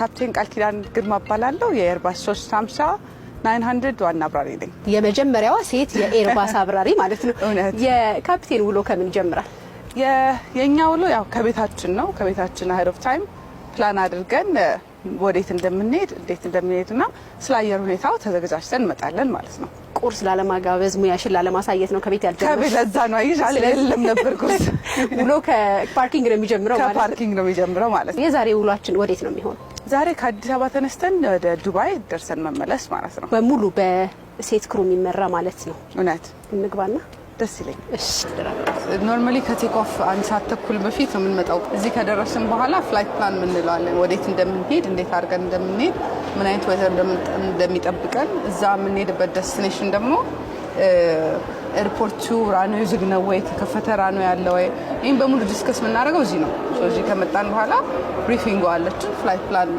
ካፕቴን ቃል ኪዳን ግርማ እባላለሁ። የኤርባስ 350 900 ዋና አብራሪ ነኝ። የመጀመሪያዋ ሴት የኤርባስ አብራሪ ማለት ነው። እውነት የካፕቴን ውሎ ከምን ይጀምራል? የእኛ ውሎ ያው ከቤታችን ነው። ከቤታችን አሄድ ኦፍ ታይም ፕላን አድርገን ወዴት እንደምንሄድ እንዴት እንደምንሄድ እና ስለ አየር ሁኔታው ተዘጋጅተን እንመጣለን ማለት ነው። ቁርስ ላለማጋበዝ ሙያሽን ላለማሳየት ነው ከቤት ያልጀመረው። ከቤት ለዛ ነው አይሽ አልልም ነበር። ቁርስ ውሎ ከፓርኪንግ ነው የሚጀምረው ማለት ነው። ከፓርኪንግ ነው የሚጀምረው ማለት ነው። የዛሬ ውሏችን ወዴት ነው የሚሆነው? ዛሬ ከአዲስ አበባ ተነስተን ወደ ዱባይ ደርሰን መመለስ ማለት ነው። በሙሉ በሴት ክሩ የሚመራ ማለት ነው። እውነት እንግባና ደስ ይለኝ። ኖርማሊ ከቴክ ኦፍ አንድ ሰዓት ተኩል በፊት ነው የምንመጣው። እዚህ ከደረስን በኋላ ፍላይት ፕላን የምንለዋለን፣ ወዴት እንደምንሄድ፣ እንዴት አድርገን እንደምንሄድ፣ ምን አይነት ወይዘር እንደሚጠብቀን፣ እዛ የምንሄድበት ደስቲኔሽን ደግሞ ኤርፖርቱ ራኖ ዝግ ነው ወይ ተከፈተ ራኖ ያለ ወይ ይህም በሙሉ ዲስከስ የምናደርገው እዚህ ነው። እዚህ ከመጣን በኋላ ብሪፊንግ አለችን። ፍላይት ፕላን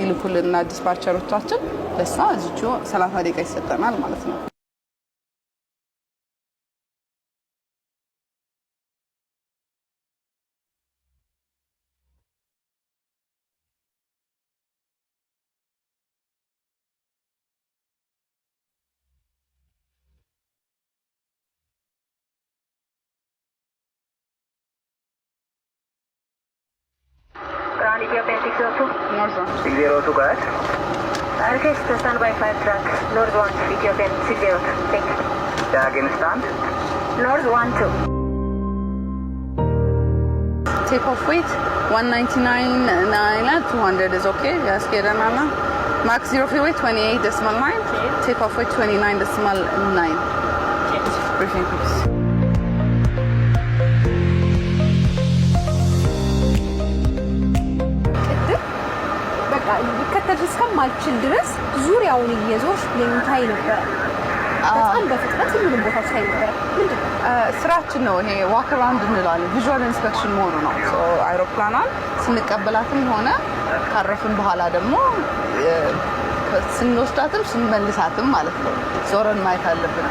ይልኩልና ዲስፓቸሮቻችን ለሳ እዚች 30 ደቂቃ ይሰጠናል ማለት ነው። on Ethiopian 602. Northbound. 602, correct? Request stand by 5 track, northbound, Ethiopian 60. Thank you. Yeah, again stand. North 12. Take off weight 199 9, uh, 200 is okay. Yes, get another. Max 0 fuel weight 28 decimal 9. Okay. Take off weight 29 decimal 9. Okay. Briefing please. እስከማልችል ድረስ ዙሪያውን እየዞርሽ የምታይ ነበር። በጣም በፍጥነት ሁሉንም ቦታ ሳይ ነበር። ምንድን ነው ስራችን ነው ይሄ ዋክ አራውንድ እንላለን። ቪዥዋል ኢንስፔክሽን መሆኑ ነው። አይሮፕላኗን ስንቀበላትም ሆነ ካረፍን በኋላ ደግሞ ስንወስዳትም ስንመልሳትም ማለት ነው ዞረን ማየት አለብን።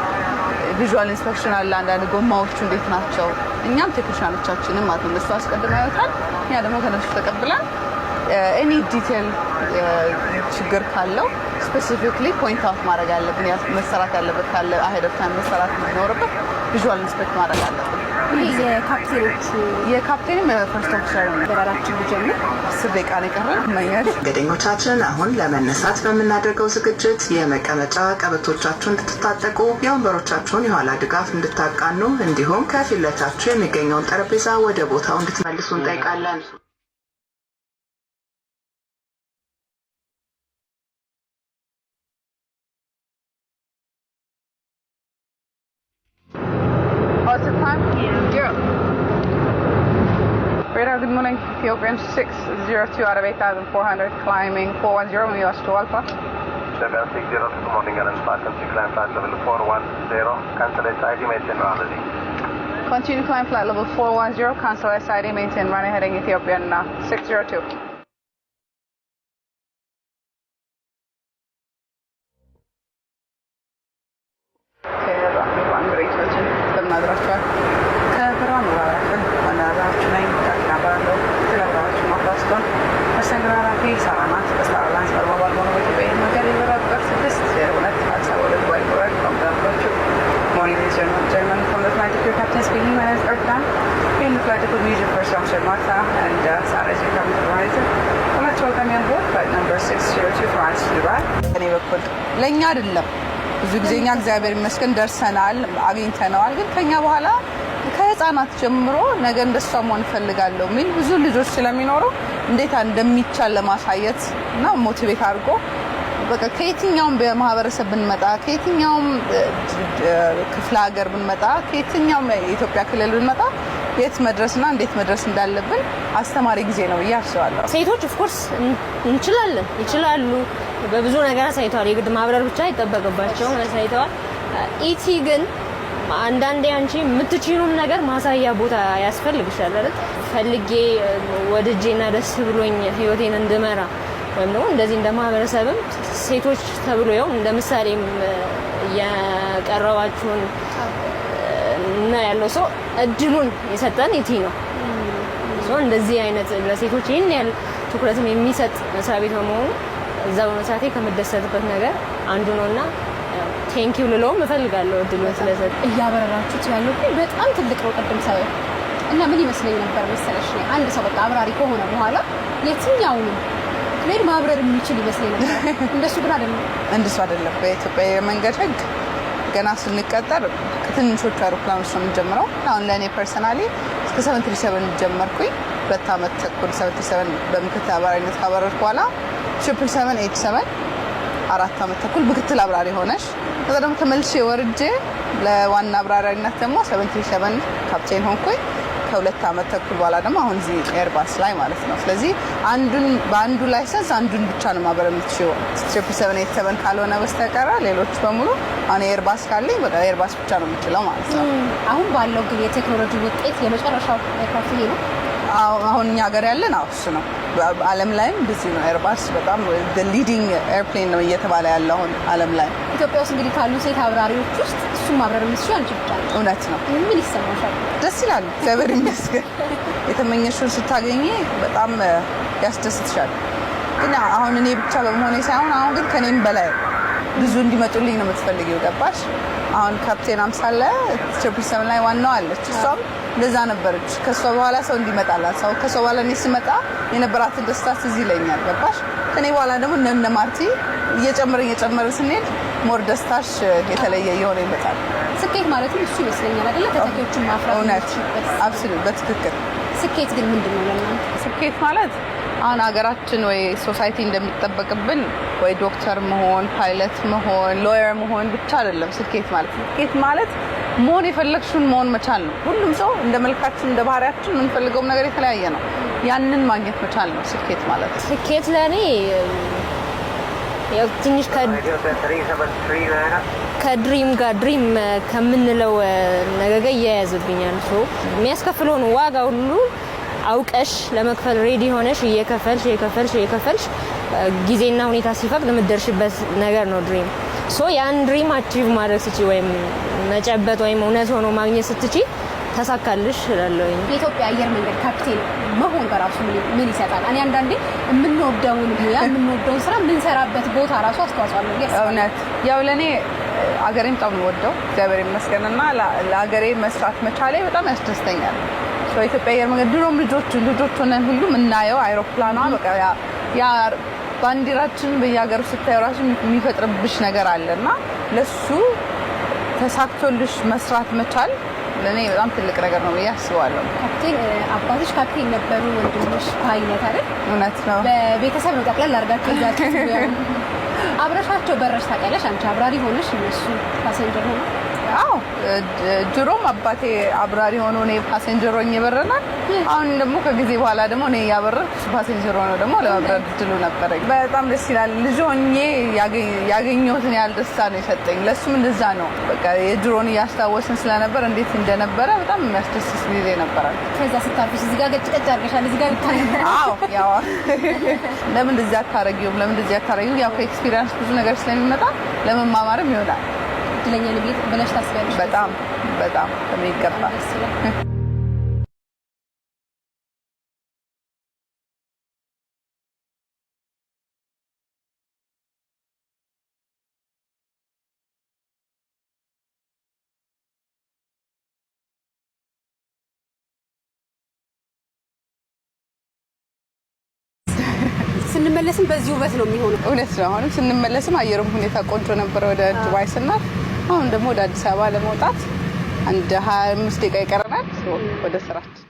ቪዥዋል ኢንስፔክሽን አለ። አንዳንድ ጎማዎቹ እንዴት ናቸው? እኛም ቴክኒሻኖቻችንም ማለት ነው እነሱ አስቀድመው ያዩታል። እኛ ደግሞ ከነሱ ተቀብለን ኤኒ uh, ዲቴል uh, ችግር ካለው ስፔሲፊክሊ ፖይንት አውት ማድረግ አለብን። መሰራት ያለበት ካለ አሄድ ኦፍ ታይም መሰራት የሚኖርበት ቪዥዋል ኢንስፔክት ማድረግ አለብን። የካፕቴኖች የካፕቴን ፈርስት ኦፊሰር አሁን ለመነሳት በምናደርገው ዝግጅት የመቀመጫ ቀበቶቻችሁን እንድትታጠቁ፣ የወንበሮቻችሁን የኋላ ድጋፍ እንድታቃኑ፣ እንዲሁም ከፊት ለፊታችሁ የሚገኘውን ጠረጴዛ ወደ ቦታው እንድትመልሱ እንጠይቃለን። Pilgrim 602 out of 8,400, climbing 410 We US to Alpha. 760 to morning and flight, continue climb flight level 410, cancel SID, maintain run heading. Continue climb flight level 410, cancel SID, maintain Run heading Ethiopian uh, 602. Okay, Another Martha and uh, Saturdays we come to Verizon. welcome you on board flight number 602 France to Dubai. እኔ በኩል ለእኛ አይደለም ብዙ ጊዜ እኛ እግዚአብሔር ይመስገን ደርሰናል፣ አግኝተነዋል። ግን ከኛ በኋላ ከህፃናት ጀምሮ ነገ እንደሷ መሆን እፈልጋለሁ የሚል ብዙ ልጆች ስለሚኖሩ እንዴት እንደሚቻል ለማሳየት እና ሞቲቬት አድርጎ በቃ ከየትኛውም በማህበረሰብ ብንመጣ ከየትኛውም ክፍለ ሀገር ብንመጣ ከየትኛውም የኢትዮጵያ ክልል ብንመጣ የት መድረስና እንዴት መድረስ እንዳለብን አስተማሪ ጊዜ ነው ብዬ አስባለሁ። ሴቶች ኦፍኮርስ እንችላለን፣ ይችላሉ። በብዙ ነገር አሳይተዋል። የግድ ማብረር ብቻ አይጠበቅባቸውም፣ አሳይተዋል። ኢቲ ግን አንዳንዴ አንቺ የምትችሉን ነገር ማሳያ ቦታ ያስፈልግሻል አይደል? ፈልጌ ወድጄና ደስ ብሎኝ ህይወቴን እንድመራ ወይም ደግሞ እንደዚህ እንደ ማህበረሰብም ሴቶች ተብሎ ያው እንደ ምሳሌም የቀረባችሁን እና ያለው ሰው እድሉን የሰጠን ኢቲ ነው። እንደዚህ አይነት ለሴቶች ይህን ያህል ትኩረትም የሚሰጥ መስሪያ ቤት በመሆኑ እዛ በመስራቴ ከምደሰትበት ነገር አንዱ ነው እና ዩ ልለውም እፈልጋለሁ እድሉን ስለሰጥ። እያበረራችሁት ያለው በጣም ትልቅ ነው። ቅድም ሳይሆን እና ምን ይመስለኝ ነበር መሰለሽ አንድ ሰው በቃ አብራሪ ከሆነ በኋላ የትኛውንም ማብረር የሚችል ይመስለኝ ነበር። እንደሱ ግን አይደለም፣ እንደሱ አይደለም። በኢትዮጵያ የመንገድ ህግ ገና ስንቀጠር ከትንንሾቹ አውሮፕላኖች ነው የምንጀምረው። አሁን ለእኔ ፐርሰናሊ እስከ ሰቨንትሪ ጀመርኩኝ። ሁለት ዓመት ተኩል ሰቨንትሪ በምክትል አብራሪነት ካበረርኩ በኋላ 787 አራት ዓመት ተኩል ምክትል አብራሪ ሆነሽ ከዛ ደግሞ ተመልሼ ወርጄ ለዋና አብራሪነት ደግሞ ሰቨንትሪ ካፕቴን ሆንኩኝ። ከሁለት ዓመት ተኩል በኋላ ደግሞ አሁን እዚህ ኤርባስ ላይ ማለት ነው። ስለዚህ አንዱን በአንዱ ላይሰንስ አንዱን ብቻ ነው ማበረ የምትችይው ትሪፕል ሰቨን ካልሆነ በስተቀረ ሌሎች በሙሉ አሁን ኤርባስ ካለኝ በቃ ኤርባስ ብቻ ነው የምችለው ማለት ነው። አሁን ባለው ግን የቴክኖሎጂ ውጤት የመጨረሻው ኤርክራፍት ይሄ ነው። አሁን እኛ ሀገር ያለን እሱ ነው። ዓለም ላይም ብዙ ነው ኤርባስ በጣም ሊዲንግ ኤርፕሌን ነው እየተባለ ያለ አሁን ዓለም ላይ። ኢትዮጵያ ውስጥ እንግዲህ ካሉ ሴት አብራሪዎች ውስጥ እሱ ማብረር ምስ አንቺ ብቻ ነው። እውነት ነው። ምን ይሰማሻል? ደስ ይላል። እግዚአብሔር ይመስገን። የተመኘሽውን ስታገኘ በጣም ያስደስትሻል። ግን አሁን እኔ ብቻ በመሆኔ ሳይሆን አሁን ግን ከኔም በላይ ብዙ እንዲመጡልኝ ነው የምትፈልጊው። ገባሽ? አሁን ካፕቴን አምሳለ ቸፕሰም ላይ ዋናው አለች። እሷም እንደዛ ነበረች። ከእሷ በኋላ ሰው እንዲመጣላት ሰው ከእሷ በኋላ እኔ ስመጣ የነበራትን ደስታ ትዝ ይለኛል። ገባሽ? ከኔ በኋላ ደግሞ እነ ማርቲ እየጨመረ እየጨመረ ስንሄድ ሞር ደስታሽ የተለየ የሆነ ይመጣል። ስኬት ማለት እሱ ይመስለኛል አደለ ተተኪዎችን ማፍራት። እውነት፣ አብስሉ በትክክል። ስኬት ግን ምንድን ነው ለእናንተ? ስኬት ማለት አሁን ሀገራችን ወይ ሶሳይቲ እንደሚጠበቅብን ወይ ዶክተር መሆን፣ ፓይለት መሆን፣ ሎየር መሆን ብቻ አይደለም ስኬት ማለት። ስኬት ማለት መሆን የፈለግሽውን መሆን መቻል ነው። ሁሉም ሰው እንደ መልካችን እንደ ባህሪያችን የምንፈልገውም ነገር የተለያየ ነው። ያንን ማግኘት መቻል ነው ስኬት ማለት። ስኬት ለእኔ ትንሽ ከድሪም ጋር ድሪም ከምንለው ነገር ጋር እያያዝብኛል። ሰው የሚያስከፍለውን ዋጋ ሁሉ አውቀሽ ለመክፈል ሬዲ ሆነሽ እየከፈልሽ እየከፈልሽ እየከፈልሽ ጊዜና ሁኔታ ሲፈቅድ የምትደርሽበት ነገር ነው ድሪም። ሶ ያን ድሪም አቺቭ ማድረግ ስቺ ወይም መጨበጥ ወይም እውነት ሆኖ ማግኘት ስትቺ ተሳካልሽ እላለሁ። የኢትዮጵያ አየር መንገድ ካፕቴን መሆን በራሱ ምን ይሰጣል? እኔ አንዳንዴ የምንወደውን ሙያ የምንወደውን ስራ የምንሰራበት ቦታ ራሱ አስተዋጽኦ አለ። እውነት ያው ለእኔ አገሬን በጣም ወደው እግዚአብሔር ይመስገንና ለአገሬ መስራት መቻሌ በጣም ያስደስተኛል። ኢትዮጵያ አየር መንገድ ድሮም ልጆቹ ልጆች ሆነን ሁሉ የምናየው አይሮፕላኗ በቃ ያ ባንዲራችን በየሀገሩ ስታዩ ራሱ የሚፈጥርብሽ ነገር አለ እና ለሱ ተሳክቶልሽ መስራት መቻል ለእኔ በጣም ትልቅ ነገር ነው ብዬ አስባለሁ። ካፕቴን አባቶች ካፕቴን ነበሩ፣ ወንድሞች ፓይለት አይደል? እውነት ነው። በቤተሰብ ነው ጠቅላላ አድርጋችሁ ይዛችሁ አብረሻቸው በረሽ ታውቂያለሽ? አንቺ አብራሪ ሆነሽ እነሱ ፓሰንጀር ሆነ አዎ ድሮም አባቴ አብራሪ ሆኖ እኔ ፓሴንጀር ሆኜ በረናል። አሁን ደግሞ ከጊዜ በኋላ ደግሞ እኔ እያበረርኩ ፓሴንጀር ሆኖ ደግሞ ለመብረር ድሉ ነበረኝ። በጣም ደስ ይላል። ልጅ ሆኜ ያገኘሁትን ያህል ደስታ ነው የሰጠኝ። ለሱም እንደዛ ነው። በቃ የድሮን እያስታወስን ስለነበር እንዴት እንደነበረ በጣም የሚያስደስስ ጊዜ ነበራል። ከዛ ስታርፍሽ እዚህ ጋር ገጭ ገጭ አድርገሻል። እዚህ ያው ለምን እንደዚህ አታረጊውም? ለምን እንደዚህ አታረጊው? ያው ከኤክስፒሪንስ ብዙ ነገር ስለሚመጣ ለመማማርም ይሆናል እድለኛ ነኝ ብለሽ ታስቢያለሽ? በጣም በጣም በሚገባ ስንመለስም በዚህ ውበት ነው የሚሆነው። እውነት ነው። አሁንም ስንመለስም አየሩም ሁኔታ ቆንጆ ነበር ወደ ዱባይ ስናል አሁን ደግሞ ወደ አዲስ አበባ ለመውጣት አንድ አምስት ደቂቃ ይቀረናል ወደ ስራችን